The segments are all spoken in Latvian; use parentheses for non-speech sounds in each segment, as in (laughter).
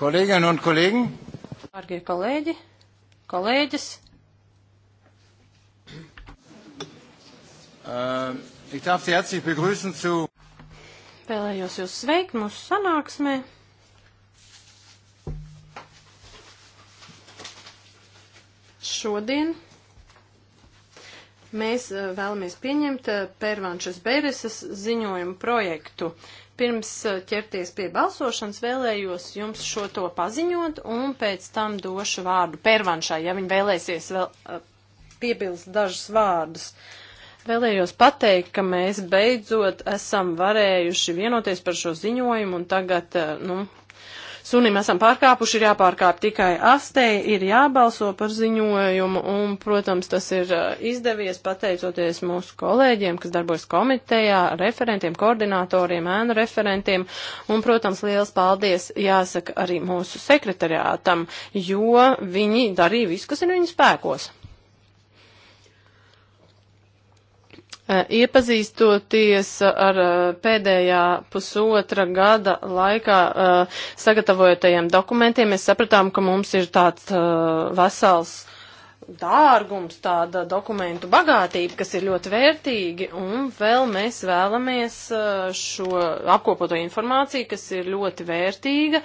Kolēģi un kolēģi. Dārgie kolēģi, kolēģis. Uh, ich darf Sie herzlich begrüßen zu. Vēlējos jūs sveikt mūsu sanāksmē. Šodien mēs äh, vēlamies pieņemt äh, Pērvanšas Bereses ziņojumu projektu. Pirms eh, ķerties pie balsošanas vēlējos jums šo to paziņot un pēc tam došu vārdu pervanšai, ja viņi vēlēsies vēl eh, piebilst dažus vārdus. Vēlējos pateikt, ka mēs beidzot esam varējuši vienoties par šo ziņojumu un tagad, eh, nu, sunim esam pārkāpuši, ir jāpārkāp tikai astei, ir jābalso par ziņojumu, un, protams, tas ir eh, izdevies pateicoties mūsu kolēģiem, kas darbojas komitejā, referentiem, koordinatoriem, ēnu referentiem, un, protams, liels paldies jāsaka arī mūsu sekretariātam, jo viņi darīja visu, kas ir viņu spēkos. E, iepazīstoties ar e, pēdējā pusotra gada laikā e, sagatavojotajiem dokumentiem, mēs sapratām, ka mums ir tāds vesels dārgums, tāda dokumentu bagātība, kas ir ļoti vērtīgi, un vēl mēs vēlamies eh, šo apkopoto informāciju, kas ir ļoti vērtīga,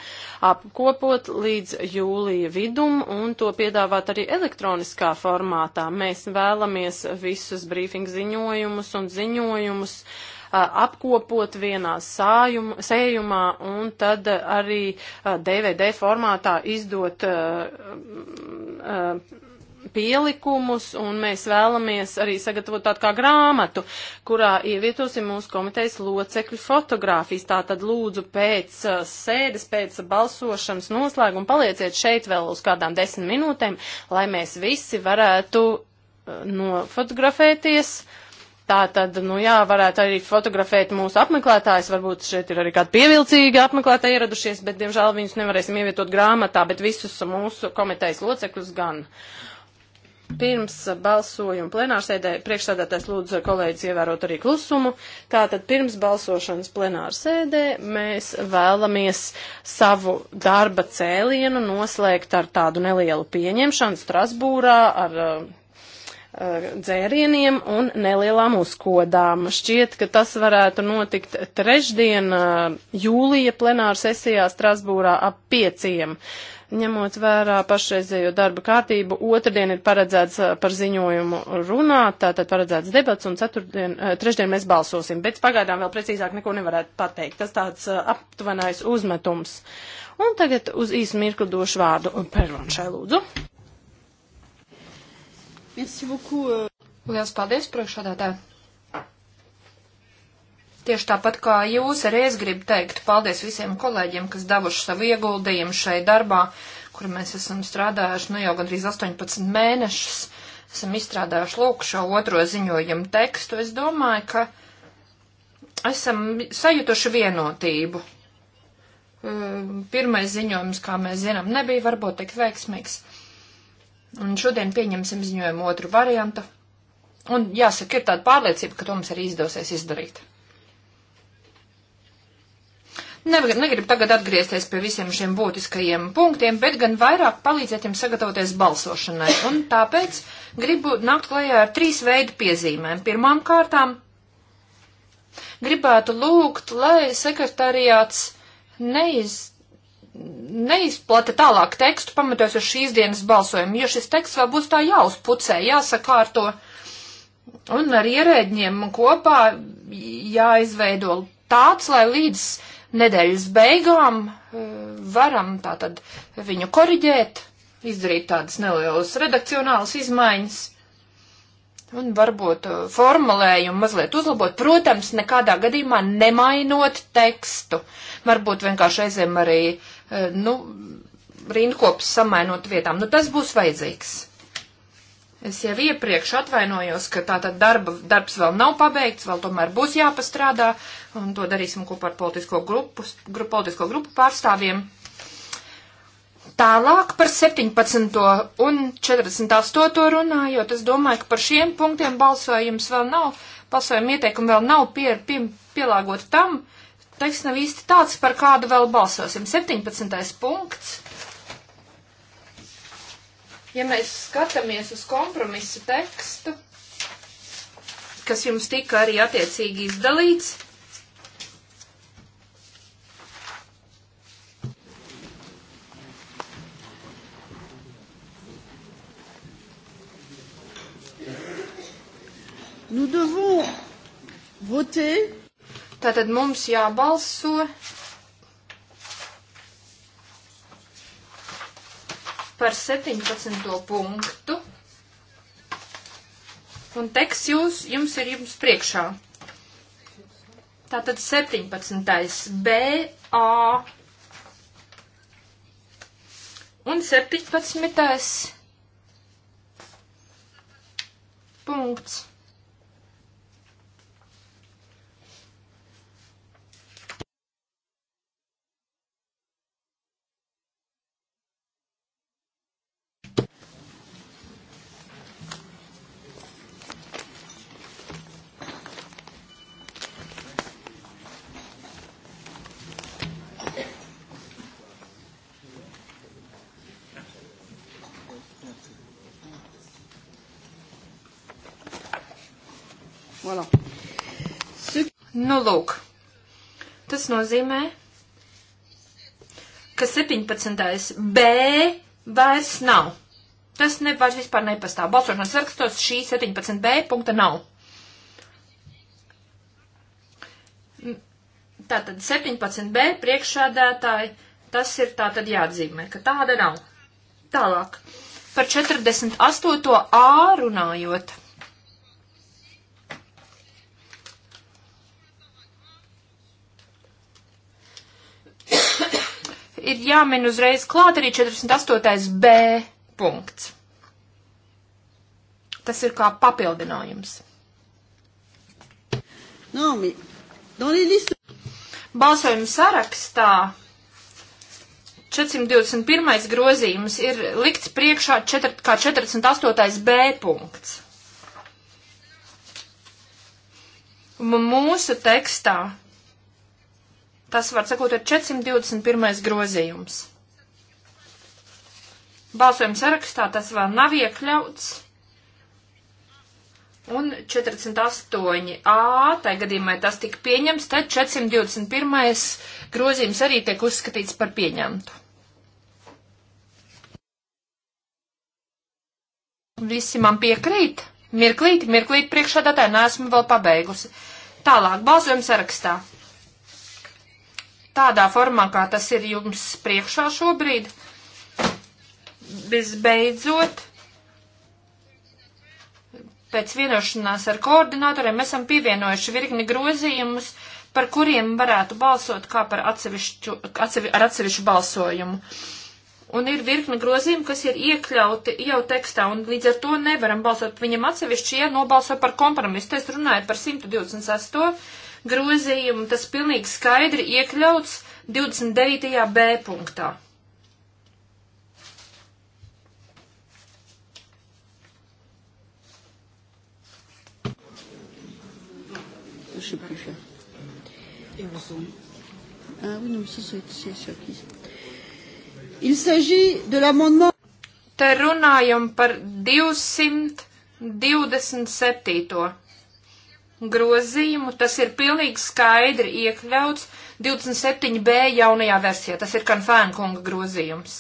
apkopot līdz jūlija vidum un to piedāvāt arī elektroniskā formātā. Mēs vēlamies visus brīfing ziņojumus un ziņojumus eh, apkopot vienā sājum, sējumā un tad arī DVD eh, formātā izdot uh, uh, pielikumus, un mēs vēlamies arī sagatavot tādu kā grāmatu, kurā ievietosim mūsu komitejas locekļu fotogrāfijas. Tātad lūdzu pēc uh, sēdes, pēc balsošanas noslēguma palieciet šeit vēl uz kādām desmit minūtēm, lai mēs visi varētu uh, nofotografēties. Tā tad, nu jā, varētu arī fotografēt mūsu apmeklētājus, varbūt šeit ir arī kādi pievilcīgi apmeklētāji ieradušies, bet, diemžēl, viņus nevarēsim ievietot grāmatā, bet visus mūsu komitejas locekļus gan. Uh, pirms balsojuma plenārsēdē priekšsēdētājs lūdzu kolēģis ievērot arī klusumu. Tātad pirms balsošanas plenārsēdē mēs vēlamies savu darba cēlienu noslēgt ar tādu nelielu pieņemšanu Strasbūrā ar uh, uh dzērieniem un nelielām uzkodām. Šķiet, ka tas varētu notikt trešdien uh, jūlija plenāra sesijā Strasbūrā ap pieciem. Uh, Ņemot vērā pašreizējo darba kārtību, otrdien ir paredzēts par ziņojumu runāt, tātad paredzēts debats, un ceturtdien, trešdien mēs balsosim, bet pagaidām vēl precīzāk neko nevarētu pateikt. Tas tāds aptuvenais uzmetums. Un tagad uz īsu mirkli došu vārdu Pervanšai lūdzu. Liels paldies, priekšādātāji! Tieši tāpat kā jūs, arī es gribu teikt paldies visiem kolēģiem, kas devuši savu ieguldījumu šai darbā, kur mēs esam strādājuši nu jau gandrīz 18 mēnešus. Esam izstrādājuši lūk šo otro ziņojumu tekstu. Es domāju, ka esam sajutuši vienotību. Ehm, pirmais ziņojums, kā mēs zinām, nebija varbūt tik veiksmīgs. Un šodien pieņemsim ziņojumu otru variantu. Un jāsaka, ir tāda pārliecība, ka to mums arī izdosies izdarīt. Negribu tagad atgriezties pie visiem šiem būtiskajiem punktiem, bet gan vairāk palīdzēt jums sagatavoties balsošanai. Un tāpēc gribu nākt klajā ar trīs veidu piezīmēm. Pirmām kārtām gribētu lūgt, lai sekretariāts neiz, neizplata tālāk tekstu pamatojot uz šīs dienas balsojumu, jo šis teksts vēl būs tā jāuzpucē, jāsakārto un ar ierēģiem kopā jāizveido tāds, lai līdz nedēļas beigām eh, varam tātad viņu koriģēt, izdarīt tādas nelielas redakcionālas izmaiņas un varbūt eh, formulējumu mazliet uzlabot. Protams, nekādā gadījumā nemainot tekstu. Varbūt vienkārši aizem arī, eh, nu, rindkopas samainot vietām. Nu, tas būs vajadzīgs. Es jau iepriekš atvainojos, ka tātad darba, darbs vēl nav pabeigts, vēl tomēr būs jāpastrādā, un to darīsim kopā ar politisko grupu, grup, politisko grupu pārstāvjiem. Tālāk par 17. un 48. runājot, es domāju, ka par šiem punktiem balsojums vēl nav, balsojuma ieteikumi vēl nav pie, pie, pielāgoti tam, teiks nav īsti tāds, par kādu vēl balsosim. 17. punkts Ja mēs skatāmies uz kompromisu tekstu, kas jums tika arī attiecīgi izdalīts, Nous devons voter. Tātad mums jābalso par 17. punktu. Un teksts jūs, jums ir jums priekšā. Tātad 17. B, A. Un 17. punkts. Nu, lūk, tas nozīmē, ka 17. B vairs nav. Tas ne, vairs vispār nepastāv. Balsošanas sarakstos šī 17. B punkta nav. Tātad 17. B priekšādētāji, tas ir tātad jāatzīmē, ka tāda nav. Tālāk. Par 48. A runājot. ir jāmin uzreiz klāt arī 48. B punkts. Tas ir kā papildinājums. Balsojuma sarakstā 421. grozījums ir likts priekšā četr, kā 48. B punkts. Mūsu tekstā Tas, var sakot, ir 421. grozījums. Balsojuma sarakstā tas vēl nav iekļauts. Un 48a, tai gadījumā tas tika pieņemts, tad 421. grozījums arī tiek uzskatīts par pieņemtu. Visi man piekrīt. Mirklīt, mirklīt priekšādātāji, neesmu vēl pabeigusi. Tālāk, balsojums sarakstā tādā formā, kā tas ir jums priekšā šobrīd. Visbeidzot, pēc vienošanās ar koordinatoriem esam pievienojuši virkni grozījumus, par kuriem varētu balsot kā par atsevišķu, atsevi, ar atsevišķu balsojumu. Un ir virkni grozījumi, kas ir iekļauti jau tekstā, un līdz ar to nevaram balsot viņam atsevišķi, ja nobalso par kompromisu. Es runāju par 128 grozījumu, tas pilnīgi skaidri iekļauts 29. b punktā. je sais plus. Ah oui, non, mais ça, c'est sur qui Il s'agit de l'amendement. Te runājam par 227 grozījumu, tas ir pilnīgi skaidri iekļauts 27b jaunajā versijā. Tas ir Kanfēnkunga grozījums.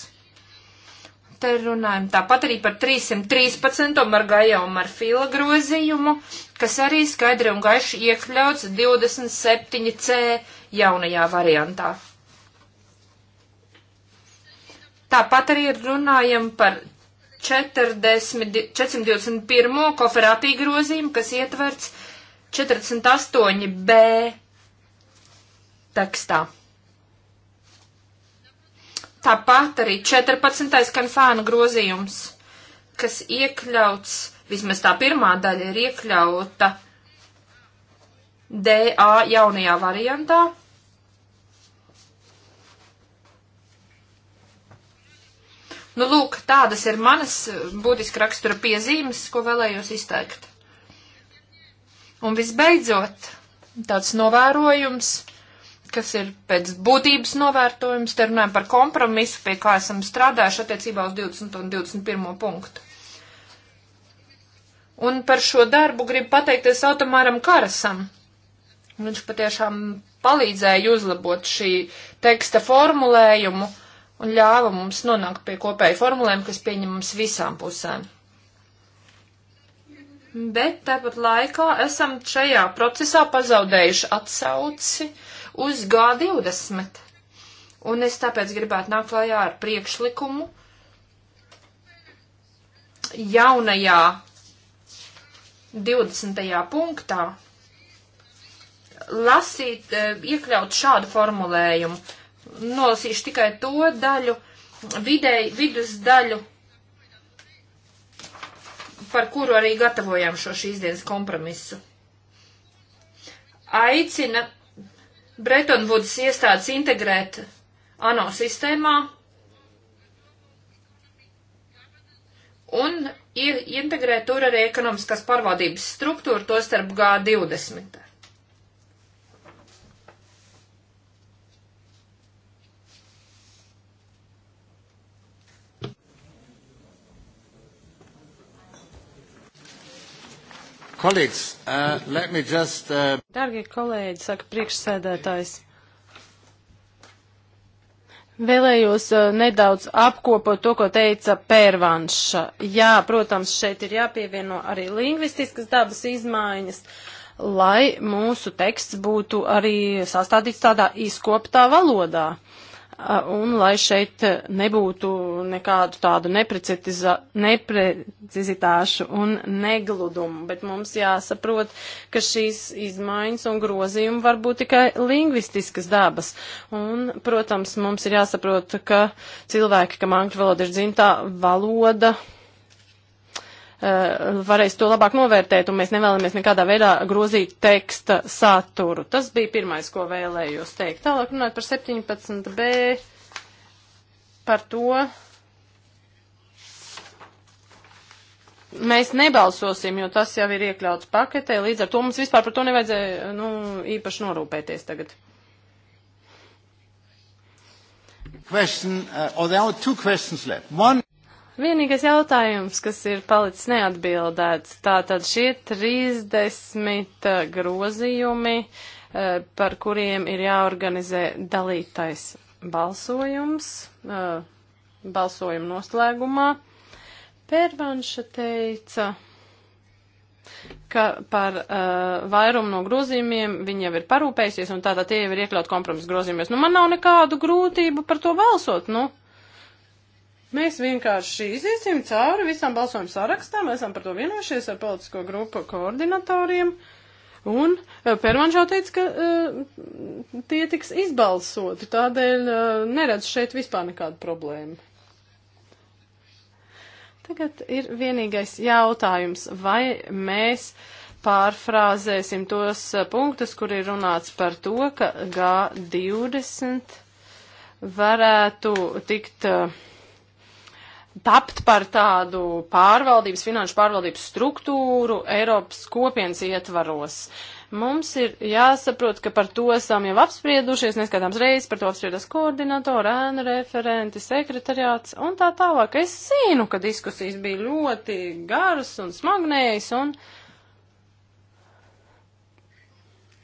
Te runājam tāpat arī par 313. Margaja un Marfila grozījumu, kas arī skaidri un gaiši iekļauts 27c jaunajā variantā. Tāpat arī runājam par 40, 421. koferātī grozījumu, kas ietverts 48b tekstā. Tāpat arī 14. kanfāna grozījums, kas iekļauts, vismaz tā pirmā daļa ir iekļauta DA jaunajā variantā. Nu, lūk, tādas ir manas būtiski rakstura piezīmes, ko vēlējos izteikt. Un visbeidzot, tāds novērojums, kas ir pēc būtības novērtojums, te runājam par kompromisu, pie kā esam strādājuši attiecībā uz 20 un 21 punktu. Un par šo darbu gribu pateikties automāram Karasam. Viņš patiešām palīdzēja uzlabot šī teksta formulējumu un ļāva mums nonākt pie kopēja formulējuma, kas pieņemams visām pusēm bet tāpat laikā esam šajā procesā pazaudējuši atsauci uz G20. Un es tāpēc gribētu nākt klajā ar priekšlikumu jaunajā 20. punktā lasīt, eh, iekļaut šādu formulējumu. Nolasīšu tikai to daļu, vidēji, vidus daļu par kuru arī gatavojām šo šīs dienas kompromisu. Aicina Bretonvudas iestādes integrēt ANO sistēmā un integrēt tur arī ekonomiskās pārvaldības struktūru, to starp G20. Colleagues, uh, let me just. Uh... Dargie kolēģi, saka priekšsēdētājs. Vēlējos uh, nedaudz apkopot to, ko teica Pērvanša. Jā, protams, šeit ir jāpievieno arī lingvistiskas dabas izmaiņas, lai mūsu teksts būtu arī sastādīts tādā izkoptā valodā. Uh, un lai šeit nebūtu nekādu tādu neprecizitāšu un negludumu, bet mums jāsaprot, ka šīs izmaiņas un grozījumi var būt tikai lingvistiskas dabas. Un, protams, mums ir jāsaprot, ka cilvēki, kam angļu valoda ir dzimtā valoda, Eh, varēs to labāk novērtēt, un mēs nevēlamies nekādā veidā grozīt teksta saturu. Tas bija pirmais, ko vēlējos teikt. Tālāk runāt par 17b, par to. Mēs nebalsosim, jo tas jau ir iekļauts paketē, līdz ar to mums vispār par to nevajadzēja nu, īpaši norūpēties tagad. Question, uh, or oh, there are two questions left. One Vienīgais jautājums, kas ir palicis neatbildēts, tātad šie 30 eh, grozījumi, eh, par kuriem ir jāorganizē dalītais balsojums, eh, balsojuma noslēgumā. Pērvanša teica, ka par vairumu no grozījumiem viņi jau ir parūpējusies, un tātad tie jau ir iekļaut kompromisu grozījumos. Nu, man nav nekādu grūtību par to balsot, nu. Mēs vienkārši iziesim cauri visam balsojumu sarakstam, esam par to vienojušies ar politisko grupu koordinatoriem. Un e, Pērvanžā teica, ka uh, tie tiks izbalsoti, tādēļ uh, neredz šeit vispār nekādu problēmu. Tagad ir vienīgais jautājums, vai mēs pārfrāzēsim tos punktus, kur ir runāts par to, ka G20 varētu tikt. Uh, tapt par tādu pārvaldības, finanšu pārvaldības struktūru Eiropas kopienas ietvaros. Mums ir jāsaprot, ka par to esam jau apspriedušies, neskatāms reizes, par to apspriedas koordinatora, ēna referenti, sekretariāts un tā tālāk. Es zinu, ka diskusijas bija ļoti garas un smagnējas un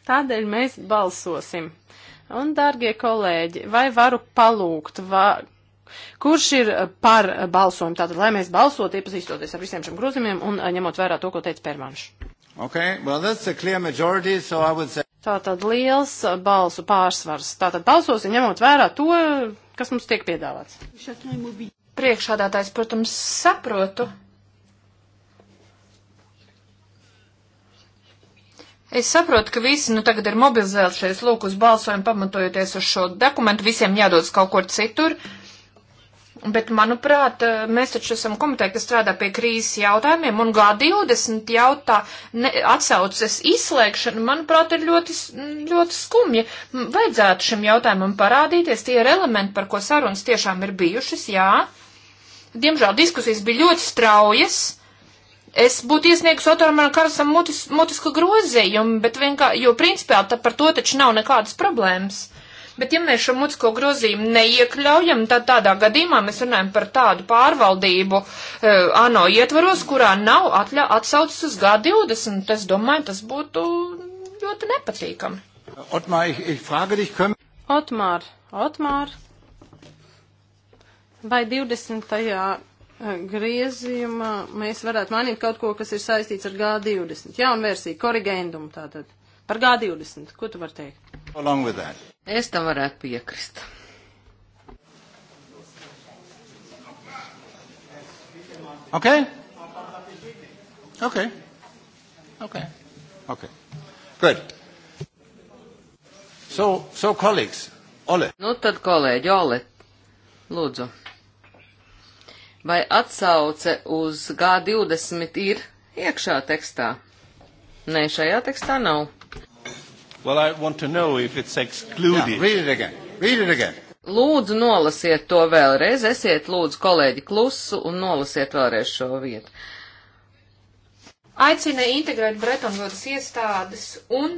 tādēļ mēs balsosim. Un, dārgie kolēģi, vai varu palūgt, va, Kurš ir par balsojumu? Tātad, lai mēs balsot, iepazīstoties ar visiem šiem grozījumiem un eh, ņemot vērā to, ko teica Pērmanš. Okay, well, that's a clear majority, so I would say... Tātad liels eh, balsu pārsvars. Tātad balsosim ņemot vērā to, kas mums tiek piedāvāts. Priekšādātājs, protams, saprotu. Es saprotu, ka visi nu tagad ir mobilizējušies lūk uz balsojumu pamatojoties uz šo dokumentu, visiem jādodas kaut kur citur. Uh, Bet, manuprāt, mēs taču esam komiteja, kas strādā pie krīzes jautājumiem, un G20 jautā ne, atsauces izslēgšana, manuprāt, ir ļoti, ļoti skumja. Vajadzētu šim jautājumam parādīties, tie ir elementi, par ko sarunas tiešām ir bijušas, jā. Diemžēl diskusijas bija ļoti straujas. Es būtu iesniegus autoram Karasam mutis, mutisku grozījumu, bet vienkārši, jo principā par to taču nav nekādas problēmas. Bet ja mēs šo mutisko grozījumu neiekļaujam, tad tādā gadījumā mēs runājam par tādu pārvaldību uh, ANO ietvaros, kurā nav atļa, atsaucis uz G20. Es domāju, tas būtu ļoti nepatīkami. Otmār, ich, ich frage dich, können... Otmār, Otmār, vai 20. Eh, griezījumā mēs varētu mainīt kaut ko, kas ir saistīts ar G20? Jauna versija, korrigendumu tātad. Par G20, ko tu vari teikt? Along with that. Es tam varētu piekrist. Ok? Ok. Ok. Ok. Good. So, so colleagues, Ole. Nu tad, kolēģi, Ole, lūdzu. Vai atsauce uz G20 ir iekšā tekstā? Nē, šajā tekstā nav. Well, I want to know if it's excluded. Yeah, read it again. Read it again. Lūdzu, nolasiet to vēlreiz. Esiet, lūdzu, kolēģi, klusu un nolasiet vēlreiz šo vietu. Aicina integrēt Bretonvudas iestādes un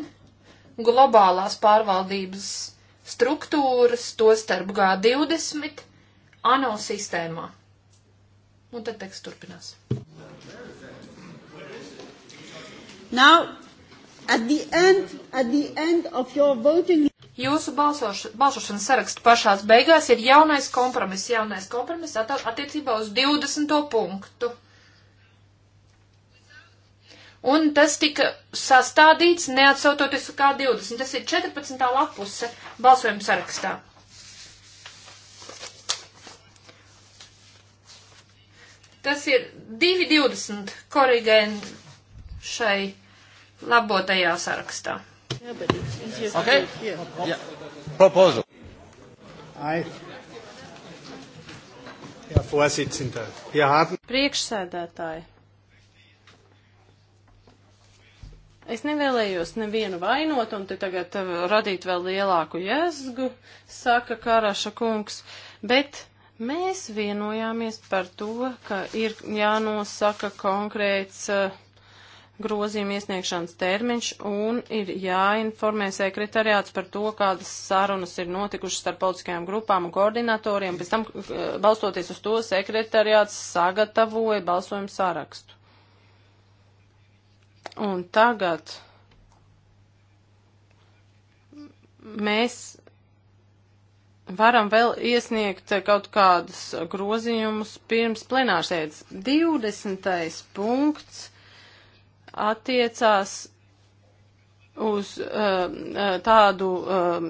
globālās pārvaldības struktūras, to starp G20, ANO sistēmā. Un tad teksts turpinās. Now, At the end, at the end of your voting... Jūsu balsoš, balsošanas sarakstu pašās beigās ir jaunais kompromiss, jaunais kompromiss attiecībā uz 20. punktu. Un tas tika sastādīts neatsautoties uz kā 20. Tas ir 14. lapuse balsojuma sarakstā. Tas ir 2.20 korrigēni šai labotajā sarakstā. Yeah, okay. Yeah. Yeah. Proposal. I... Ja, Vorsitzender, wir haben. Priekšsēdētāji. Es nevēlējos nevienu vainot un te tagad eh, radīt vēl lielāku jēzgu, saka Karaša kungs, bet mēs vienojāmies par to, ka ir jānosaka konkrēts uh, grozījuma iesniegšanas termiņš un ir jāinformē sekretariāts par to, kādas sarunas ir notikušas starp politiskajām grupām un koordinatoriem. Pēc tam, eh, balstoties uz to, sekretariāts sagatavoja balsojumu sarakstu. Un tagad mēs varam vēl iesniegt kaut kādus grozījumus pirms plenārsēdes. 20. punkts attiecās uz um, uh, tādu uh,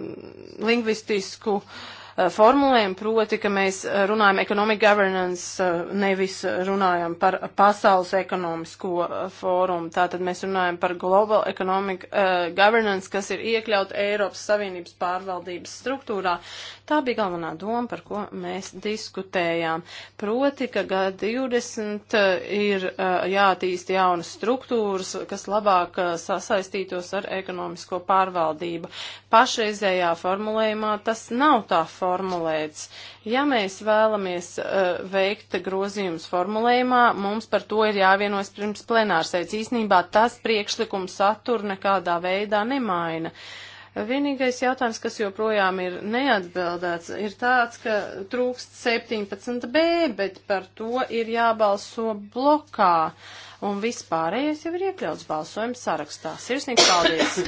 lingvistisku uh, Eh, formulējumu, proti, ka mēs eh, runājam economic governance, eh, nevis runājam par pasaules ekonomisko fórumu. Tātad mēs runājam par global economic uh, governance, kas ir iekļaut Eiropas Savienības pārvaldības struktūrā. Tā bija galvenā doma, par ko mēs diskutējām. Proti, ka G20 ir uh, jātīst jaunas struktūras, kas labāk uh, sasaistītos ar ekonomisko pārvaldību. Pašreizējā formulējumā tas nav tā formulējums formulēts. Ja mēs vēlamies uh, veikt grozījumus formulējumā, mums par to ir jāvienojas pirms plenārsēdz. Īsnībā tas priekšlikums satura nekādā veidā nemaina. Vienīgais jautājums, kas joprojām ir neatbildēts, ir tāds, ka trūkst 17b, bet par to ir jābalso blokā. Un vispārējais jau ir iekļauts balsojuma sarakstā. Sirsnīgi paldies!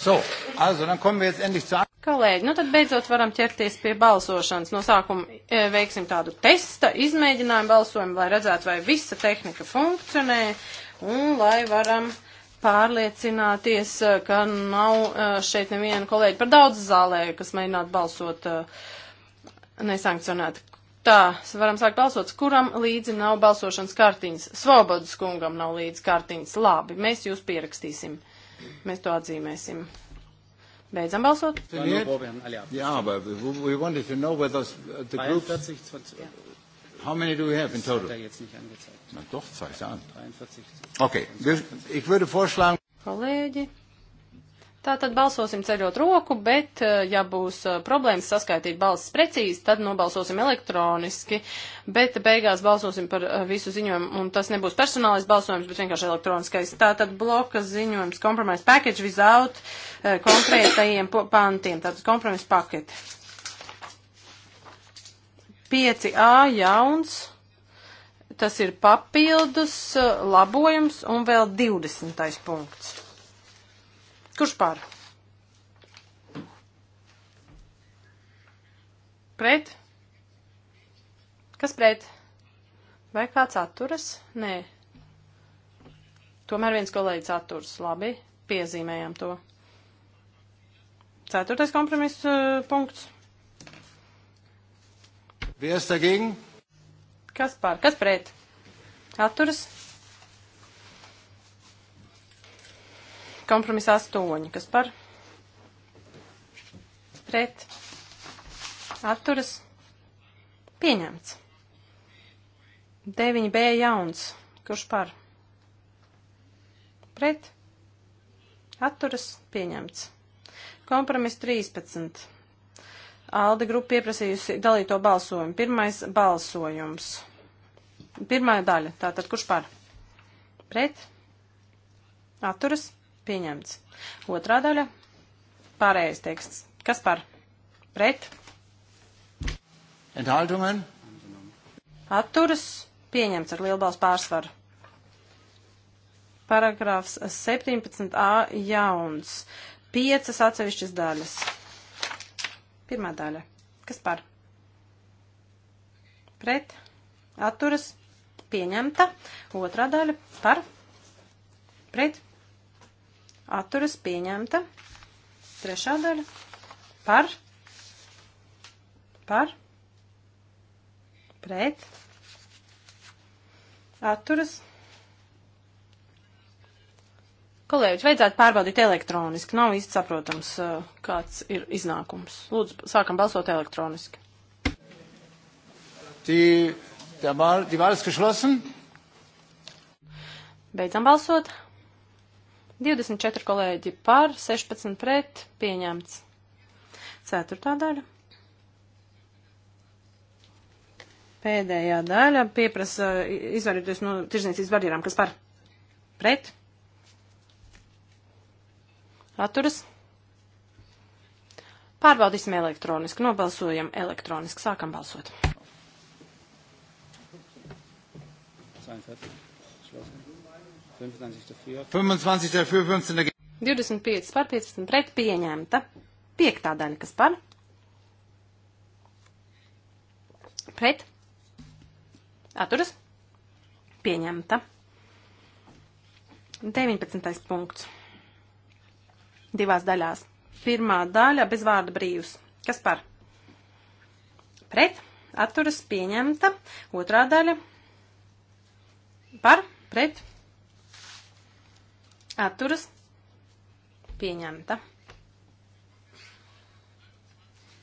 So, also, dann kommen wir jetzt endlich zu... Kolēģi, nu tad beidzot varam ķerties pie balsošanas. No sākuma e, veiksim tādu testa, izmēģinājumu balsojumu, lai redzētu, vai visa tehnika funkcionē un lai varam pārliecināties, e, ka nav e, šeit neviena kolēģa par daudz zālē, kas mēģinātu balsot e, nesankcionēti. Tā, varam sākt balsot, kuram līdzi nav balsošanas kartiņas. Svobodas kungam nav līdzi kartiņas. Labi, mēs jūs pierakstīsim. Mēs to atzīmēsim. Beidzam balsot. Jā, bet we wanted to know whether uh, the group... How many do we have in total? Er Na doch, zeigt an. Okay, ich würde vorschlagen... Kollegi, Tātad balsosim ceļot roku, bet eh, ja būs eh, problēmas saskaitīt balsis precīzi, tad nobalsosim elektroniski, bet beigās balsosim par eh, visu ziņojumu, un tas nebūs personālais balsojums, bet vienkārši elektroniskais. Tātad bloka ziņojums, kompromiss package without konkrētajiem pantiem, tātad kompromiss paketi. 5A jauns, tas ir papildus labojums un vēl 20. punkts. Kurš par? Pret? Kas pret? Vai kāds atturas? Nē. Tomēr viens kolēģis atturas. Labi, piezīmējam to. Ceturtais kompromiss uh, eh, punkts. Wer ist dagegen? Kas par? Kas pret? Atturas? Kompromis 8. Kas par? Pret. Atturas. Pieņemts. 9B jauns. Kurš par? Pret. Atturas. Pieņemts. Kompromis 13. Alde grupa pieprasījusi dalīto balsojumu. Pirmais balsojums. Pirmā daļa. Tātad kurš par? Pret? Atturas? Pieņemts. Otrā daļa. Pārējais teksts. Kas par? Pret. Enthaltungen. Atturas. Pieņemts ar lielbalstu pārsvaru. Paragrāfs 17a jauns. Piecas atsevišķas daļas. Pirmā daļa. Kas par? Pret. Atturas. Pieņemta. Otrā daļa. Par. Pret atturas pieņemta. Trešā daļa par, par, pret, atturas. Kolēģi, vajadzētu pārbaudīt elektroniski. Nav īsti saprotams, uh, kāds ir iznākums. Lūdzu, sākam balsot elektroniski. Die, der Wahl, die Wahl ist geschlossen. Beidzam balsot. 24 kolēģi par, 16 pret, pieņemts. Ceturtā daļa. Pēdējā daļa pieprasa izvairīties no tirzniecības barjerām, kas par pret. Atturas. Pārbaudīsim elektroniski, nobalsojam elektroniski, sākam balsot. Seinfeld. Schlossen. 25 dafür, 15 dagegen. 25 par 15 pret pieņemta. Piektā daļa, kas par? Pret. Atturas. Pieņemta. 19. punkts. Divās daļās. Pirmā daļa bez vārda brīvs. Kas par? Pret. Atturas pieņemta. Otrā daļa. Par. Pret atturas pieņemta.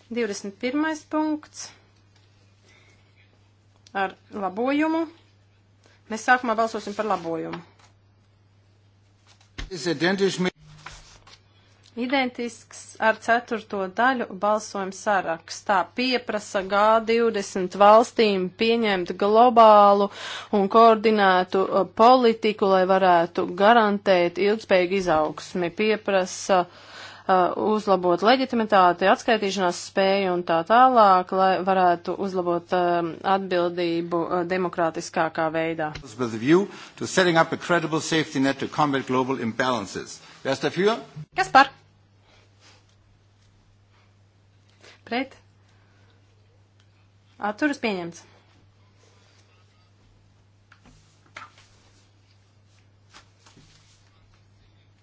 21. punkts ar labojumu. Mēs sākumā balsosim par labojumu. Identisks ar ceturto daļu balsojumu sarakstā pieprasa G20 valstīm pieņemt globālu un koordinētu uh, politiku, lai varētu garantēt ilgspējīgu izaugsmi. Pieprasa uh, uzlabot leģitimitāti, atskaitīšanās spēju un tā tālāk, lai varētu uzlabot uh, atbildību uh, demokrātiskākā veidā. Kas par? pret, atturas pieņemts.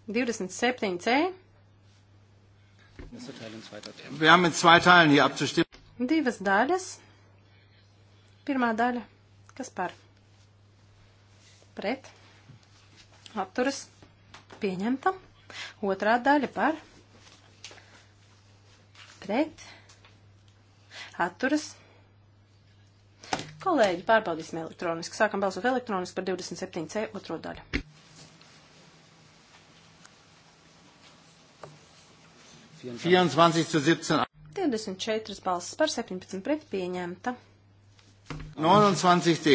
Divdesmit septiņi C. Divas daļas. Pirmā daļa. Kas par? Pret. Atturas. Pieņemta. Otrā daļa par. Pret atturas. Kolēģi, pārbaudīsim elektroniski. Sākam balsot elektroniski par 27C otro daļu. Vierundzwanzig 24 balsis par 17 pret pieņemta. 29D.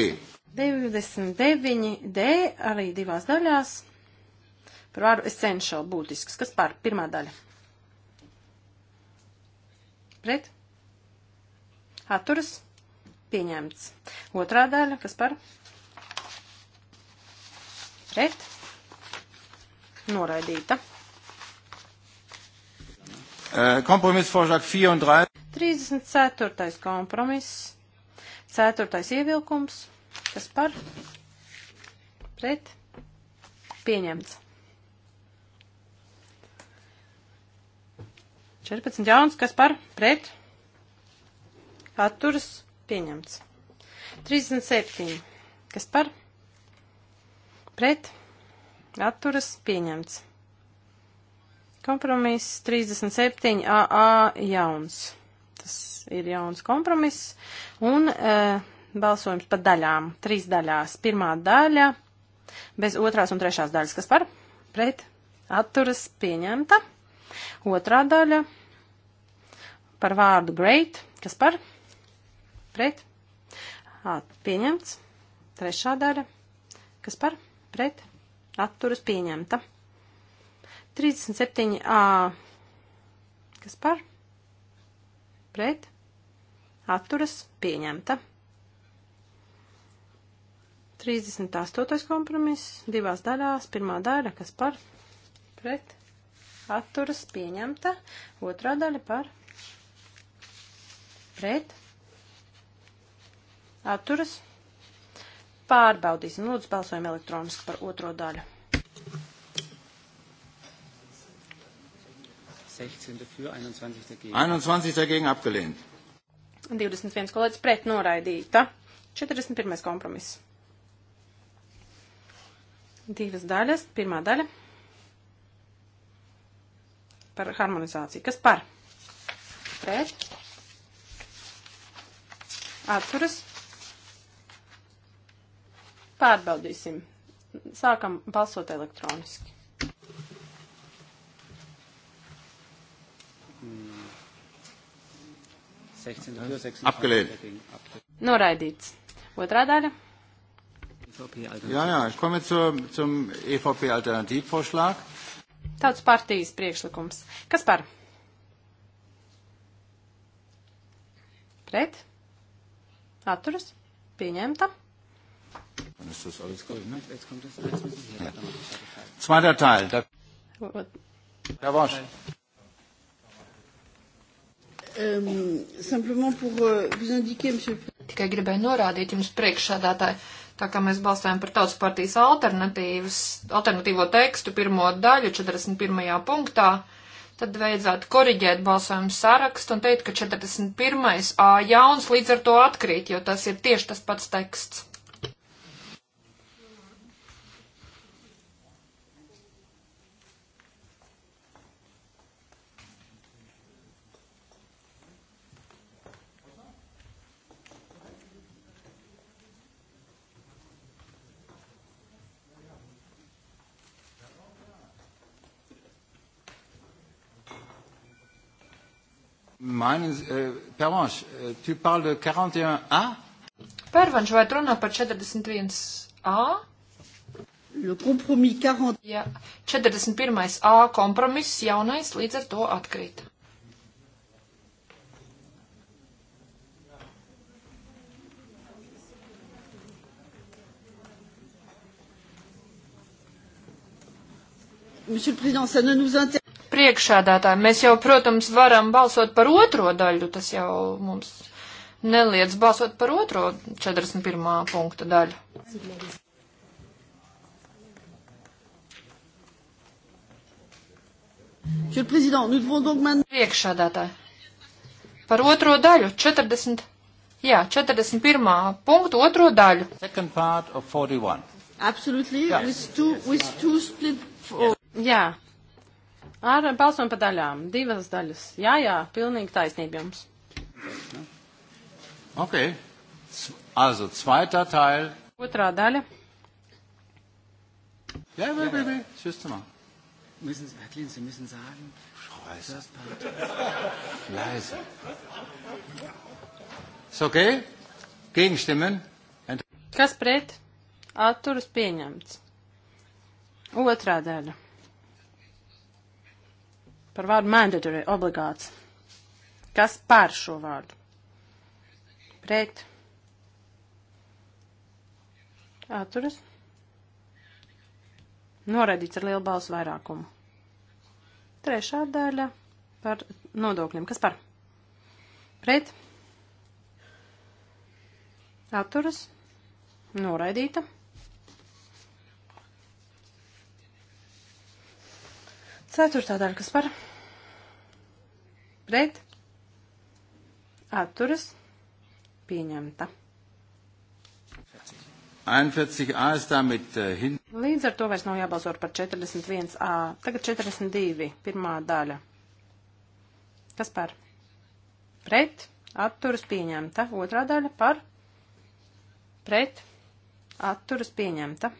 29D arī divās daļās. Par vārdu essential būtisks. Kas par? Pirmā daļa. Pret? atturas pieņemts. Otrā daļa, kas par pret noraidīta. Kompromiss foršāk 34. 34. kompromiss. 4. ievilkums, kas par pret pieņemts. 14 jauns, kas par pret atturas pieņemts. 37. Kas par? Pret. Atturas pieņemts. Kompromiss 37 AA jauns. Tas ir jauns kompromiss. Un e, balsojums pa daļām. Trīs daļās. Pirmā daļa bez otrās un trešās daļas. Kas par? Pret. Atturas pieņemta. Otrā daļa par vārdu great. Kas par? pret, at, pieņemts. Trešā daļa, kas par, pret, atturas pieņemta. 37a, kas par, pret, atturas pieņemta. 38. kompromiss, divās daļās, pirmā daļa, kas par, pret, atturas pieņemta, otrā daļa par, pret, atturas. Pārbaudīsim. Lūdzu, balsojam elektroniski par otro daļu. 16 dafür, 21 dagegen. 21 dagegen abgelehnt. 21 kolēģis pret noraidīta. 41. kompromiss. Divas daļas. Pirmā daļa par harmonizāciju. Kas par? Pret. Atturas. Pārbaudīsim. Sākam balsot elektroniski. Apgalēt. Noraidīts. Otrā daļa. Jā, jā, es komme zur, zum EVP Alternativvorschlag. Tautas partijas priekšlikums. Kas par? Pret? Atturas? Pieņemta? Dann ist das alles gut, ne? Jetzt kommt das alles hier. Ja. Zweiter Teil. Da, Herr Wosch. Um, ähm, simplement pour uh, vous indiquer, monsieur le tikai gribēju norādīt jums priekšsādātāji, tā kā mēs balstājam par tautas partijas alternatīvas, alternatīvo tekstu pirmo daļu 41. punktā, tad vajadzētu koriģēt balsojumu sarakstu un teikt, ka 41. A jauns līdz ar to atkrīt, jo tas ir tieši tas pats teksts. Manis, uh, äh, Pervanš, äh, tu parli 41A? Pervanš, vai tu runā par 41A? Le compromis 40. Jā, 41. A kompromiss jaunais līdz ar to atkrīt. Monsieur le Président, ça ne nous intéresse priekšādātāji. Mēs jau, protams, varam balsot par otro daļu, tas jau mums neliedz balsot par otro 41. punkta daļu. Priekšādātāji. Par otro daļu 40. Jā, 41. punktu otro daļu. Absolutely, yeah. with two, with two split. Yeah. Oh. Jā, Ar balsojumu pa daļām. Divas daļas. Jā, jā, pilnīgi taisnība jums. Ok. Also, zweiter Teil. Otrā daļa. Ja, ja, ja, ja. Tschüss zusammen. Müssen Sie, Herr Klin, Sie müssen sagen. Scheiße. Leise. Ist okay? Gegenstimmen? Kas pret? Atturas pieņemts. Otrā daļa par vārdu mandatory, obligāts. Kas pār šo vārdu? Pret. Atturas. Noraidīts ar lielu balsu vairākumu. Trešā daļa par nodokļiem. Kas par? Pret. Atturas. Noraidīta. Ceturtā daļa, kas par? Pret pret atturas pieņemta. Eh, Līdz ar to vairs nav jābalso par 41a. Tagad 42. pirmā daļa. Kas par? Pret. Atturas pieņemta. Otrā daļa par. Pret. Atturas pieņemta.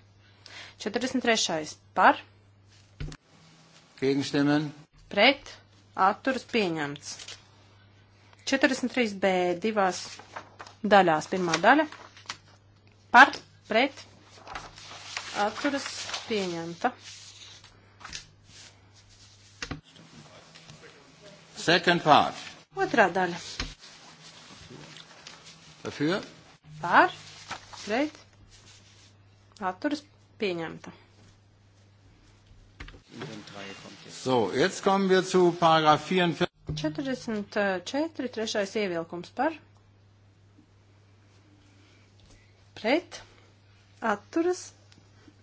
43. par. Gegenstimmen. Pret atturas pieņemts. 43b divās daļās. Pirmā daļa par, pret, atturas pieņemta. Second part. Otrā daļa. Dafür. Par, pret, atturas pieņemta. So, jetzt kommen wir zu Paragraph 44. 44, trešais ievilkums par. Pret. Atturas.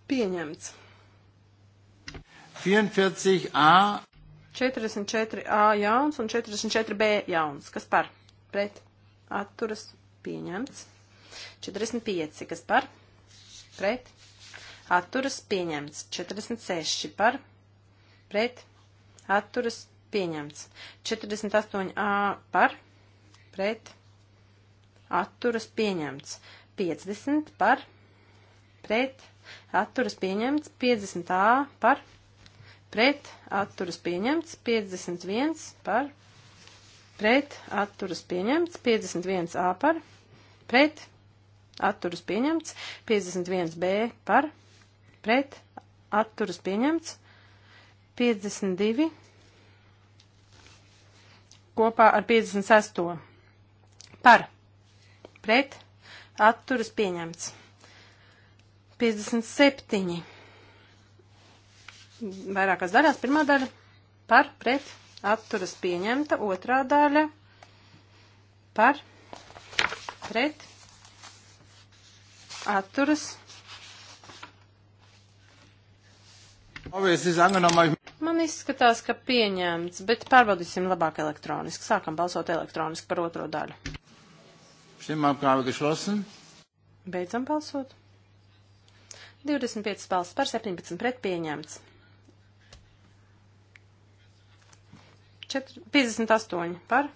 Pieņemts. 44a. 44a jauns un 44b jauns. Kas par? Pret. Atturas. Pieņemts. 45. Kas par? Pret. Atturas. Pieņemts. 46 par. Pret pret atturas pieņemts. 48a par pret atturas pieņemts. 50 par pret atturas pieņemts. 50a par pret atturas pieņemts. 51 par pret atturas pieņemts. 51a par pret atturas pieņemts. 51b par pret atturas pieņemts. 52 kopā ar 56. Par. Pret. Atturas pieņemts. 57. Vairākās daļās. Pirmā daļa. Par. Pret. Atturas pieņemta. Otrā daļa. Par. Pret. Atturas. Aber es ist angenommen. Man izskatās, ka pieņemts, bet pārbaudīsim labāk elektroniski. Sākam balsot elektroniski par otro daļu. Stimmabgabe geschlossen. Beidzam balsot. 25 balsts par 17 pret pieņemts. 4, 58 par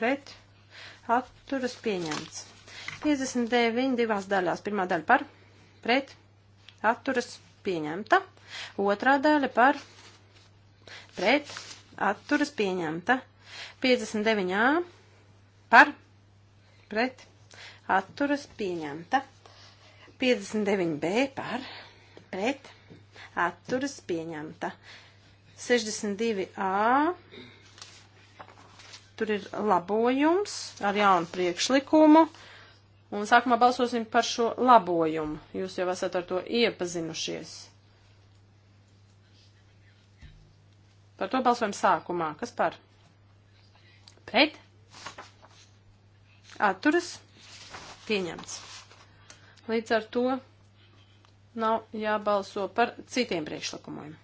pret atturas pieņemts. 59 divās daļās. Pirmā daļa par pret atturas pieņemta. Otrā daļa par pret atturas pieņemta. 59a par pret atturas pieņemta. 59b par pret atturas pieņemta. 62a tur ir labojums ar jaunu priekšlikumu. Un sākumā balsosim par šo labojumu. Jūs jau esat ar to iepazinušies. Par to balsojam sākumā. Kas par? Pret? Atturas? Pieņemts. Līdz ar to nav jābalso par citiem priekšlikumiem.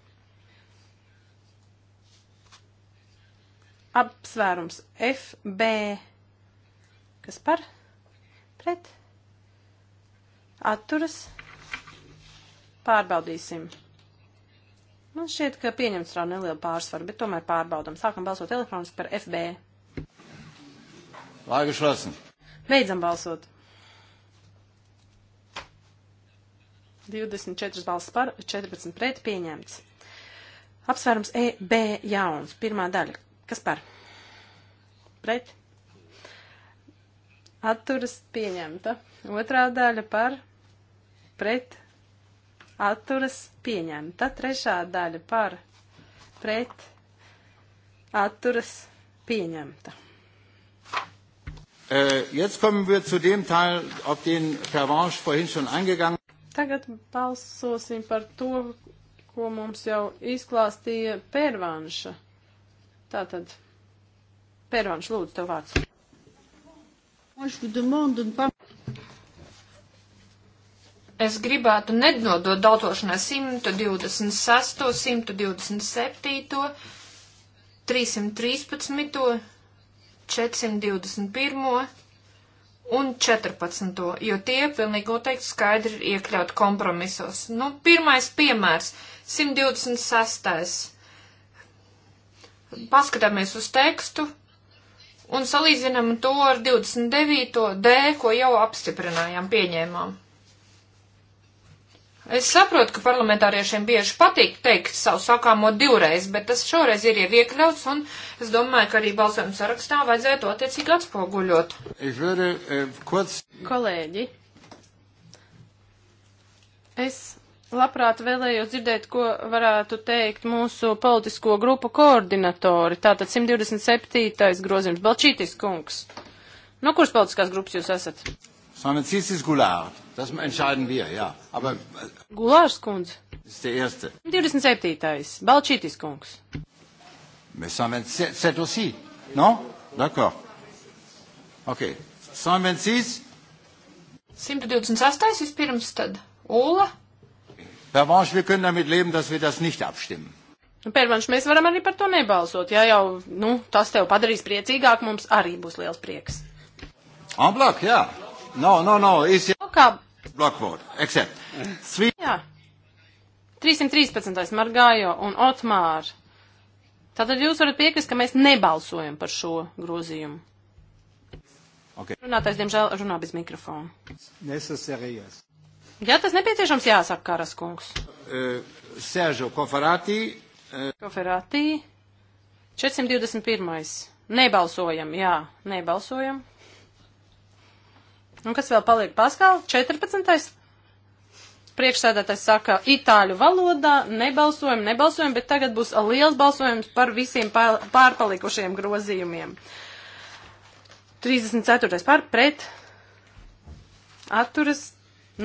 Apsvērums FB. Kas par? Pret? Atturas? Pārbaudīsim. Man šķiet, ka pieņemts ar nelielu pārsvaru, bet tomēr pārbaudam. Sākam balsot elektroniski par FB. Laika šlasen. Beidzam balsot. 24 balss par, 14 pret pieņemts. Apsvērums EB jauns, pirmā daļa. Kas par? Pret. Atturas pieņemta. Otrā daļa par. Pret atturas pieņemta. Trešā daļa par pret atturas pieņemta. Äh, jetzt kommen wir zu dem Teil, auf den Pervanche vorhin schon eingegangen. Tagad balsosim par to, ko mums jau izklāstīja Pervanša. Tātad, Pervanš, lūdzu, tev vārds. Moi, je vous demande de ne pas Es gribētu nedodot dautošanai 126, 127, 313, 421 un 14, jo tie pilnīgi noteikti skaidri ir iekļaut kompromisos. Nu, pirmais piemērs - 126. Paskatāmies uz tekstu un salīdzinām to ar 29. D, ko jau apstiprinājām, pieņēmām. Es saprotu, ka parlamentāriešiem bieži patīk teikt savu sakāmo divreiz, bet tas šoreiz ir jau iekļauts, un es domāju, ka arī balsojuma sarakstā vajadzētu attiecīgi atspoguļot. Vēru, eh, kods... Kolēģi, es labprāt vēlējos dzirdēt, ko varētu teikt mūsu politisko grupu koordinatori. Tātad 127. grozījums Balčītis kungs. No kuras politiskās grupas jūs esat? Sanacīsis Gulārds. Tas entscheiden wir, jā. Aber... Äh, Gulārs kundze. Tas ir erste. 27. Balčītis kungs. Mais 127 aussi, non? D'accord. Ok. 126. 128. vispirms tad. Ula. Herr Vanš, wir können damit leben, dass wir das nicht abstimmen. Nu, Pērvanš, mēs varam arī par to nebalsot. Ja jau nu, tas tev padarīs priecīgāk, mums arī būs liels prieks. Amblāk, jā. Yeah. No, no, no, es jau. Nu kā? Blackboard, except. Svi... Jā. 313. Margājo un Otmār. Tātad jūs varat piekrist, ka mēs nebalsojam par šo grozījumu. Okay. Runātais, diemžēl, runā bez mikrofona. Necessarijas. Ja tas nepieciešams, jāsaka Karas kungs. Uh, Sēžu Koferātī. Uh... Koferātī. 421. Nebalsojam, jā, nebalsojam. Un kas vēl paliek Paskāla? 14. Priekšsēdētājs saka, itāļu valodā nebalsojam, nebalsojam, bet tagad būs liels balsojums par visiem pārpalikušiem grozījumiem. 34. par pret atturas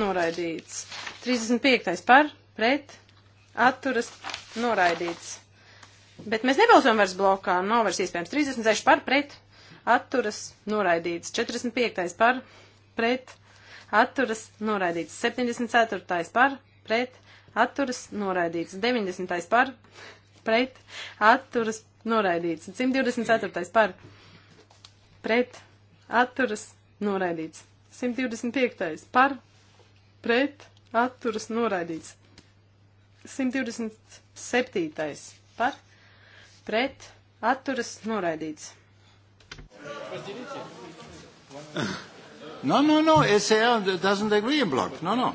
noraidīts. 35. par pret atturas noraidīts. Bet mēs nebalsojam vairs blokā, nav vairs iespējams. 36 par pret atturas noraidīts. 45. par pret pret atturas noraidīts. 74. par pret atturas noraidīts. 90. par pret atturas noraidīts. 124. par pret atturas noraidīts. 125. par pret atturas noraidīts. 127. par pret atturas noraidīts. Pazdīvīti. (laughs) No, no, no, SAL e doesn't agree in block. No, no.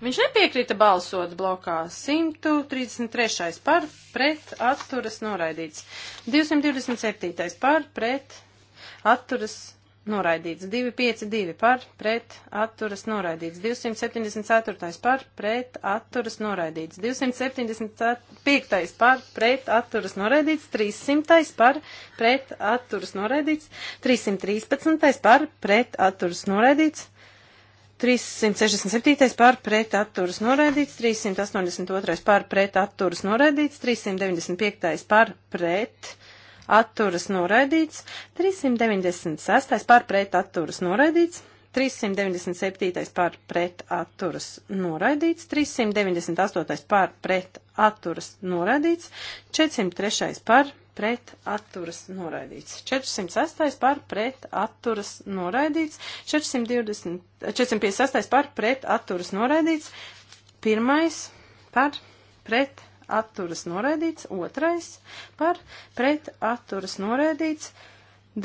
Viņš nepiekrita balsot blokā 133. par pret atturas noraidīts. 227. par pret atturas noraidīts 252 par, pret atturas noraidīts 274 par, pret atturas noraidīts 275 par, pret atturas noraidīts 300 par, pret atturas noraidīts 313 par, pret atturas noraidīts 367 par pret atturas noraidīts, 382 par pret atturas noraidīts, 395 par pret atturas noraidīts, 396. par pret atturas noraidīts, 397. par pret atturas noraidīts, 398. par pret atturas noraidīts, 403. par pret atturas noraidīts, 408. par pret atturas noraidīts, 420, 458. par pret atturas noraidīts, 1. par pret atturas noraidīts, otrais par pret atturas noraidīts,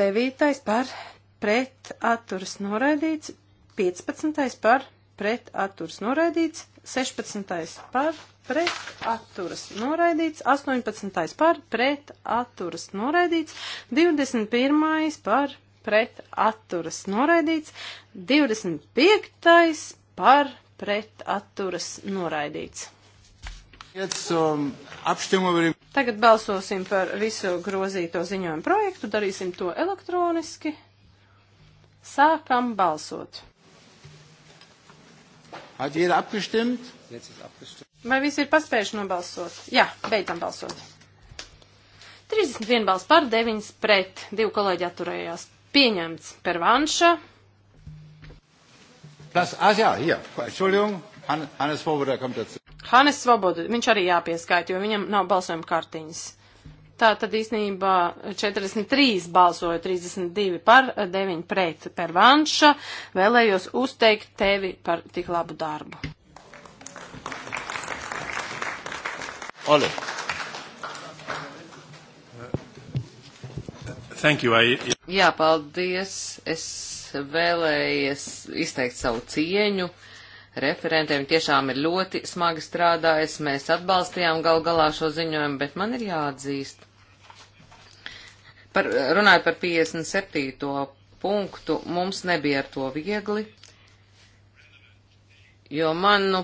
devītais par pret atturas noraidīts, piecpadsmitais par pret atturas noraidīts, sešpadsmitais par pret atturas noraidīts, 18. par pret atturas noraidīts, 21. par pret atturas noraidīts, 25. par pret atturas noraidīts. Tagad balsosim par visu grozīto ziņojumu projektu, darīsim to elektroniski. Sākam balsot. Hat jeder abgestimmt? Vai visi ir paspējuši nobalsot? Jā, beidzam balsot. 31 balss par, 9 pret, 2 kolēģi atturējās. Pieņemts per vanša. Das, ah, jā, jā, Entschuldigung, Hannes Svoboda kommt dazu. Hannes Svoboda, viņš arī jāpieskaita, jo viņam nav balsojuma kartiņas. Tā tad īsnībā 43 balsoja, 32 par, 9 pret per vanša. Vēlējos uzteikt tevi par tik labu darbu. Ole. Thank you. I... Jā, paldies. Es vēlējies izteikt savu cieņu. Uh, referentiem tiešām ir ļoti smagi strādājis. Mēs atbalstījām gal galā šo ziņojumu, bet man ir jāatzīst. Par, runājot par 57. punktu, mums nebija ar to viegli, jo man, nu,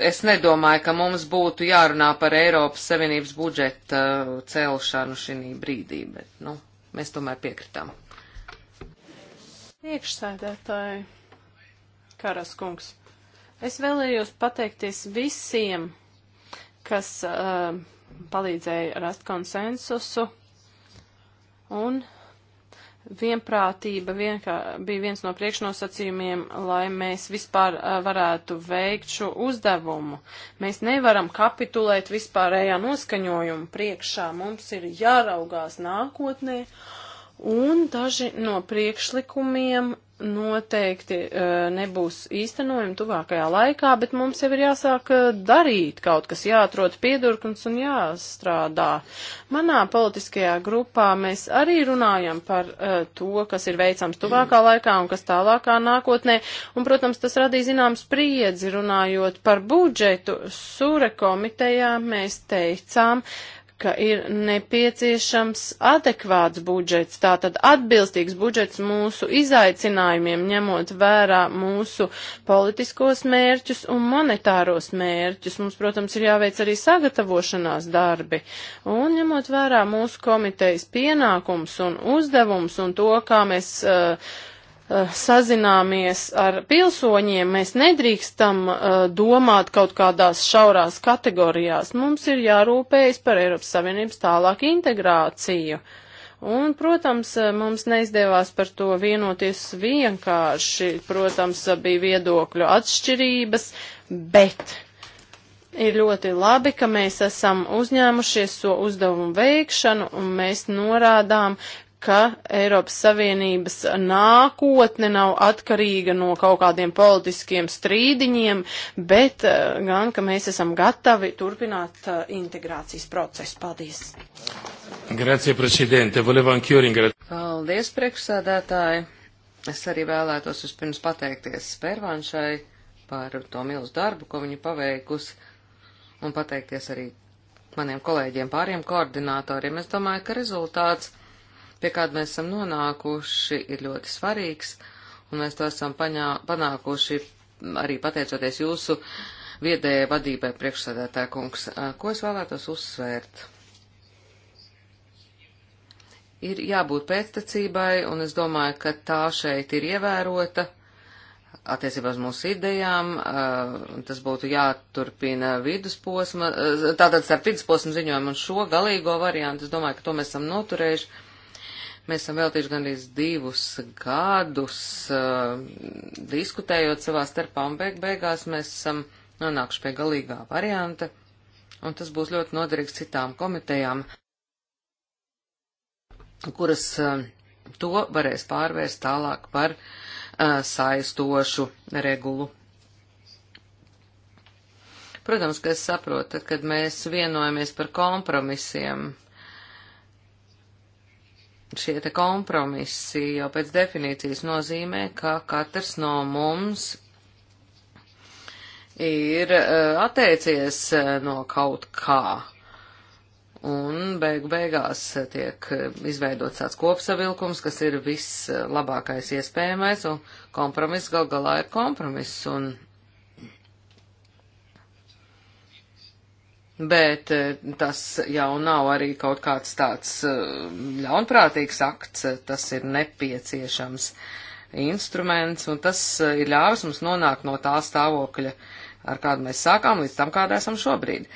es nedomāju, ka mums būtu jārunā par Eiropas Savienības budžeta uh, celšanu šī brīdī, bet, nu, mēs tomēr piekritām. Priekšsēdētāji, Karas kungs, es vēlējos pateikties visiem, kas uh, palīdzēja rast konsensusu un vienprātība vienkā, bija viens no priekšnosacījumiem, lai mēs vispār uh, varētu veikt šo uzdevumu. Mēs nevaram kapitulēt vispārējā noskaņojuma priekšā. Mums ir jāraugās nākotnē Un daži no priekšlikumiem noteikti e, nebūs īstenojami tuvākajā laikā, bet mums jau ir jāsāk e, darīt kaut kas, jāatrod piedurkums un jāstrādā. Manā politiskajā grupā mēs arī runājam par e, to, kas ir veicams tuvākā laikā un kas tālākā nākotnē, un, protams, tas radīja zināms priedzi runājot par budžetu. Sure komitejā mēs teicām, uh, ka ir nepieciešams adekvāts budžets, tātad atbilstīgs budžets mūsu izaicinājumiem, ņemot vērā mūsu politiskos mērķus un monetāros mērķus. Mums, protams, ir jāveic arī sagatavošanās darbi. Un ņemot vērā mūsu komitejas pienākums un uzdevums un to, kā mēs uh, Eh, sazināmies ar pilsoņiem, mēs nedrīkstam uh, domāt kaut kādās šaurās kategorijās. Mums ir jārūpējas par Eiropas Savienības tālāku integrāciju. Un, protams, eh, mums neizdevās par to vienoties vienkārši, protams, bija viedokļu atšķirības, bet ir ļoti labi, ka mēs esam uzņēmušies šo so uzdevumu veikšanu un mēs norādām, ka Eiropas Savienības nākotne nav atkarīga no kaut kādiem politiskiem strīdiņiem, bet eh, gan, ka mēs esam gatavi turpināt eh, integrācijas procesu. Paldies! Grazie, prezidente! Volevo anch'io ringraziare. Paldies, priekšsēdētāji! Es arī vēlētos vispirms pateikties Spērvanšai par to milzu darbu, ko viņa paveikusi, un pateikties arī maniem kolēģiem pāriem koordinātoriem. Es domāju, ka rezultāts pie kāda mēs esam nonākuši, ir ļoti svarīgs, un mēs to esam paņā, panākuši arī pateicoties jūsu viedējai vadībai priekšsēdētāja kungs. Ko es vēlētos uzsvērt? Ir jābūt pēctecībai, un es domāju, ka tā šeit ir ievērota attiecībā uz mūsu idejām, tas būtu jāturpina vidusposma, tātad starp vidusposmu ziņojumu un šo galīgo variantu, es domāju, ka to mēs esam noturējuši. Mēs esam veltījuši gandrīz divus gadus uh, diskutējot savā starpā, un beig beigās mēs esam nonākuši pie galīgā varianta, un tas būs ļoti noderīgs citām komitejām, kuras uh, to varēs pārvērst tālāk par uh, saistošu regulu. Protams, ka es saprotu, kad mēs vienojamies par kompromisiem, šie te kompromisi jau pēc definīcijas nozīmē, ka katrs no mums ir uh, atteicies uh, no kaut kā. Un beigu beigās eh, tiek izveidots tāds kopsavilkums, kas ir vislabākais iespējamais, un kompromiss gal galā ir kompromiss, un bet eh, tas jau nav arī kaut kāds tāds eh, ļaunprātīgs akts, eh, tas ir nepieciešams instruments, un tas ir ļāvis mums nonākt no tā stāvokļa, ar kādu mēs sākām, līdz tam, kādā esam šobrīd.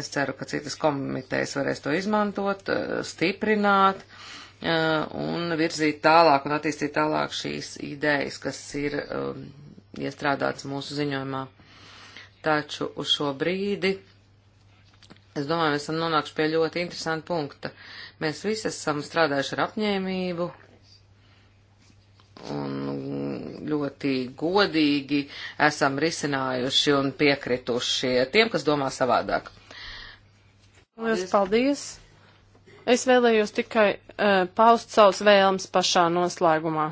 Es ceru, ka citas komitejas varēs to izmantot, stiprināt un virzīt tālāk un attīstīt tālāk šīs idejas, kas ir iestrādātas mūsu ziņojumā. Taču uz šo brīdi Es domāju, mēs esam nonākuši pie ļoti interesanta punkta. Mēs visi esam strādājuši ar apņēmību un ļoti godīgi esam risinājuši un piekrituši tiem, kas domā savādāk. Lielas paldies! Es vēlējos tikai uh, paust savus vēlmes pašā noslēgumā.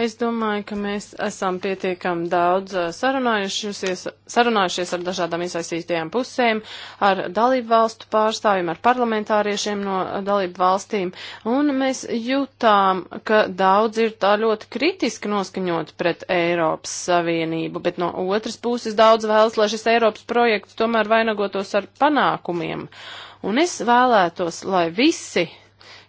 Es domāju, ka mēs esam pietiekam daudz sarunājušies, sarunājušies ar dažādām iesaistītajām pusēm, ar dalību valstu pārstāvjiem, ar parlamentāriešiem no dalību valstīm, un mēs jūtām, ka daudz ir tā ļoti kritiski noskaņot pret Eiropas Savienību, bet no otras puses daudz vēlas, lai šis Eiropas projekts tomēr vainagotos ar panākumiem. Un es vēlētos, lai visi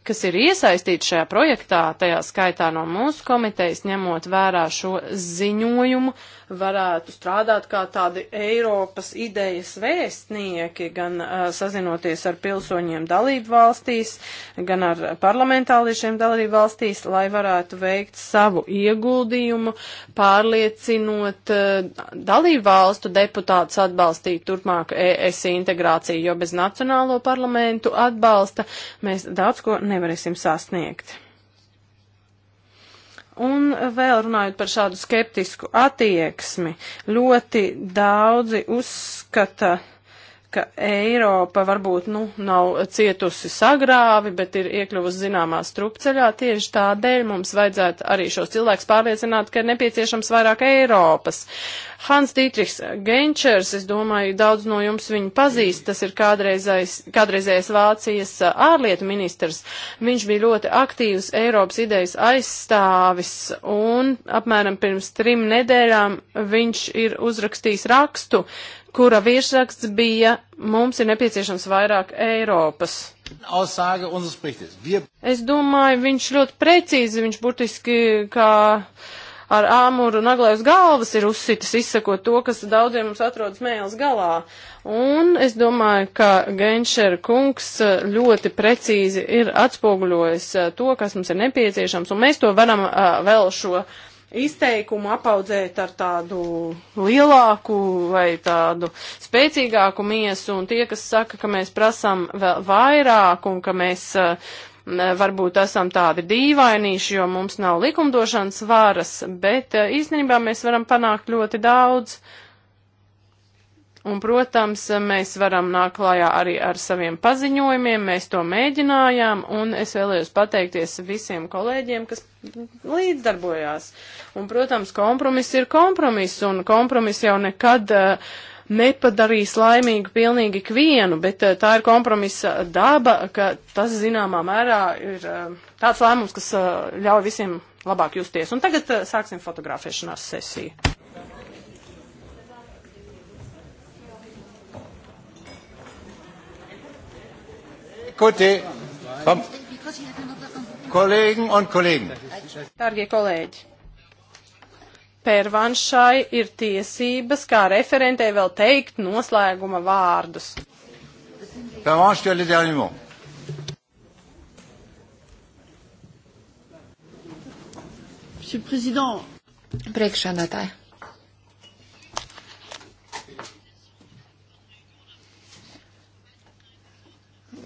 kas ir iesaistīti šajā projektā, tajā skaitā no mūsu komitejas, ņemot vērā šo ziņojumu, uh, varētu strādāt kā tādi Eiropas idejas vēstnieki, gan uh, sazinoties ar pilsoņiem dalību valstīs, gan ar parlamentāliešiem dalību valstīs, lai varētu veikt savu ieguldījumu, pārliecinot uh, dalību valstu deputātus atbalstīt turpmāku ES integrāciju, jo bez nacionālo parlamentu atbalsta mēs daudz ko nevarēsim sasniegt. Un vēl runājot par šādu skeptisku attieksmi, ļoti daudzi uzskata, ka Eiropa varbūt nu, nav cietusi sagrāvi, bet ir iekļuvusi zināmā strupceļā. Tieši tādēļ mums vajadzētu arī šos cilvēkus pārliecināt, ka ir nepieciešams vairāk Eiropas. Hans Dietrichs Genčers, es domāju, daudz no jums viņu pazīst, tas ir kādreizējais Vācijas ārlietu ministrs. Viņš bija ļoti aktīvs Eiropas idejas aizstāvis un apmēram pirms trim nedēļām viņš ir uzrakstījis rakstu, uh, kura virsraksts bija Mums ir nepieciešams vairāk Eiropas. Es domāju, viņš ļoti precīzi, viņš burtiski kā ar āmuru naglai uz galvas ir uzsitis, izsakot to, kas daudziem mums atrodas mēles galā. Un es domāju, ka Genšera kungs ļoti precīzi ir atspoguļojis eh, to, kas mums ir nepieciešams, un mēs to varam uh, vēl šo izteikumu apaudzēt ar tādu lielāku vai tādu spēcīgāku miesu, un tie, kas saka, ka mēs prasam vēl vairāk un ka mēs uh, varbūt esam tādi dīvainīši, jo mums nav likumdošanas varas, bet eh, īstenībā mēs varam panākt ļoti daudz. Uh, Un, protams, mēs varam nākt klājā arī ar saviem paziņojumiem, mēs to mēģinājām, un es vēlējos pateikties visiem kolēģiem, kas līdzdarbojās. Un, protams, kompromiss ir kompromiss, un kompromiss jau nekad uh, nepadarīs laimīgu pilnīgi ikvienu, bet uh, tā ir kompromisa daba, ka tas zināmā mērā ir uh, tāds lēmums, kas ļauj visiem labāk justies. Un tagad sāksim fotografēšanās sesiju. Gute, komm. Kollegen un kolēģi. Dargie kolēģi, Pērvanšai ir tiesības kā referentē vēl teikt noslēguma vārdus. Pērvanš, tu esi dernier mot. Priekšādātāji.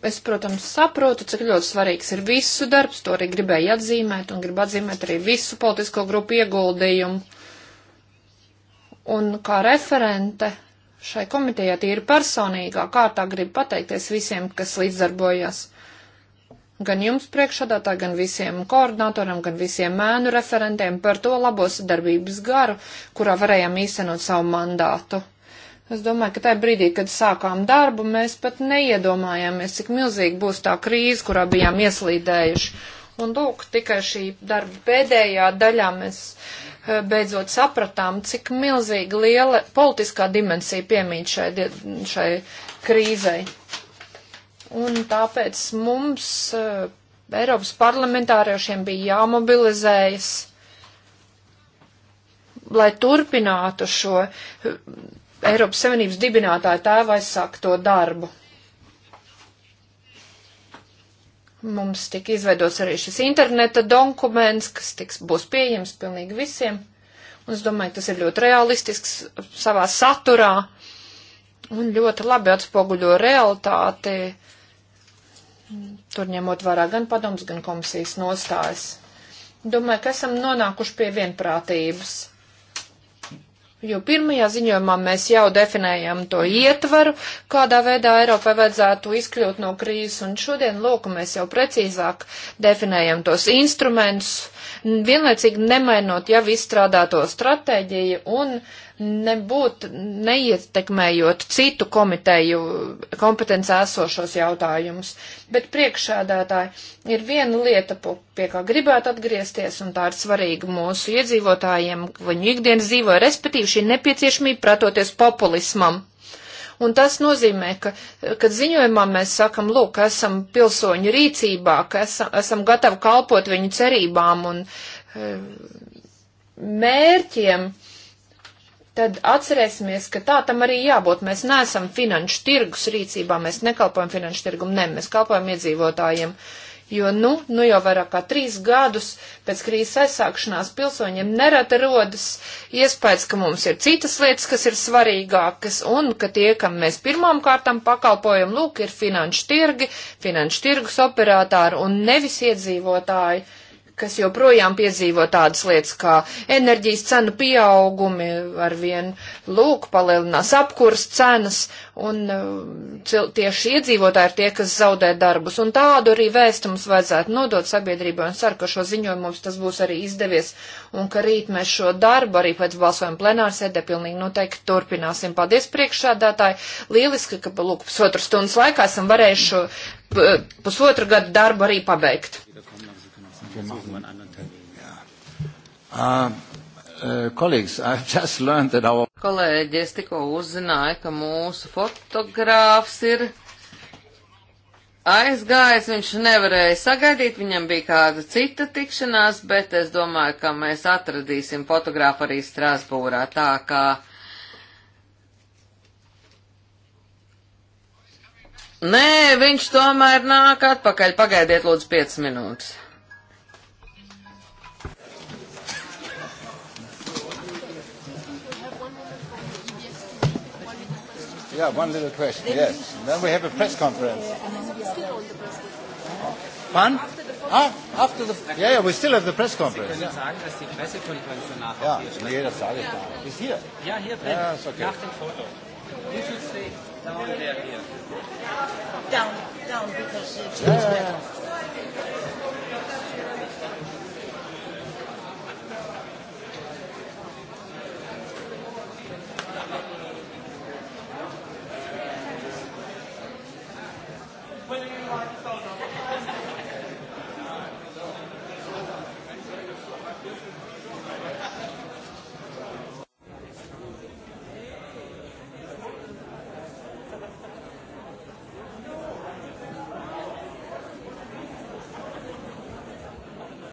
Es, protams, saprotu, cik ļoti svarīgs ir visu darbs, to arī gribēju atzīmēt un gribu atzīmēt arī visu politisko grupu ieguldījumu. Un kā referente šai komitejā tīri personīgā kārtā gribu pateikties visiem, kas līdzdarbojās. Gan jums priekšādātā, gan visiem koordinatoram, gan visiem mēnu referentiem par to labo sadarbības garu, kurā varējām īstenot savu mandātu. Es domāju, ka tajā brīdī, kad sākām darbu, mēs pat neiedomājāmies, cik milzīgi būs tā krīze, kurā bijām ieslīdējuši. Un lūk, tikai šī darba pēdējā daļā mēs eh, beidzot sapratām, cik milzīgi liela politiskā dimensija piemīt šai, šai krīzei. Un tāpēc mums, eh, Eiropas parlamentāriešiem, bija jāmobilizējas, lai turpinātu šo Eiropas Savienības dibinātāja tēva aizsākto darbu. Mums tika izveidots arī šis interneta dokuments, kas tiks, būs pieejams pilnīgi visiem. Un es domāju, tas ir ļoti realistisks savā saturā un ļoti labi atspoguļo realitāti, tur ņemot vērā gan padoms, gan komisijas nostājas. Domāju, ka esam nonākuši pie vienprātības Jo pirmajā ziņojumā mēs jau definējam to ietvaru, kādā veidā Eiropai vajadzētu izkļūt no krīzes, un šodien, lūk, mēs jau precīzāk definējam tos instrumentus, vienlaicīgi nemainot jau izstrādāto stratēģiju un uh, nebūt, neietekmējot citu komiteju kompetencē esošos jautājumus. Bet priekšsēdētāji ir viena lieta, pie kā gribētu atgriezties, un tā ir svarīga mūsu iedzīvotājiem, viņu ikdienas dzīvoja, respektīvi šī nepieciešamība pretoties populismam. Un tas nozīmē, ka, kad ziņojumā mēs sakam, lūk, esam pilsoņu rīcībā, ka esam, esam gatavi kalpot viņu cerībām un e, mērķiem, tad atcerēsimies, ka tā tam arī jābūt. Mēs neesam finanšu tirgus rīcībā, mēs nekalpojam finanšu tirgumu, ne, mēs kalpojam iedzīvotājiem. Jo, nu, nu jau vairāk kā trīs gadus pēc krīzes aizsākšanās pilsoņiem nerata rodas iespējas, ka mums ir citas lietas, kas ir svarīgākas, un ka tie, kam mēs pirmām kārtām pakalpojam, lūk, ir finanšu tirgi, finanšu tirgus operātāri un nevis iedzīvotāji kas joprojām piedzīvo tādas lietas kā enerģijas cenu pieaugumi, ar vien lūk, palielinās apkurs cenas, un uh, cil, tieši iedzīvotāji ir tie, kas zaudē darbus. Un tādu arī vēstu mums vajadzētu nodot sabiedrībai, un ceru, ka šo ziņojumu mums tas būs arī izdevies, un ka rīt mēs šo darbu arī pēc balsojuma plenārsēdē pilnīgi noteikti turpināsim. Paldies priekšādātāji! Lieliski, ka, lūk, pusotru stundas laikā esam varējuši šo pusotru gadu darbu arī pabeigt wir machen. Ja. Uh, colleagues, I've just learned that our... Kolēģi, es tikko uzzināju, ka mūsu fotogrāfs ir aizgājis, viņš nevarēja sagaidīt, viņam bija kāda cita tikšanās, bet es domāju, ka mēs atradīsim fotogrāfu arī Strasbūrā, tā kā. Nē, viņš tomēr nāk atpakaļ. Pagaidiet, lūdzu, 5 minūtes. Yeah, one little question, yes. And then we have a press conference. Wann? Ah, after the, yeah, yeah, we still have the press conference. Sie können sagen, dass die Pressekonferenz danach ja, ist. Ja, nee, das sage ich gar nicht. Ist hier? Ja, hier drin. Ja, ist okay. Nach dem Foto. You should stay down there here. Down, down, because it's yeah, yeah, yeah. better.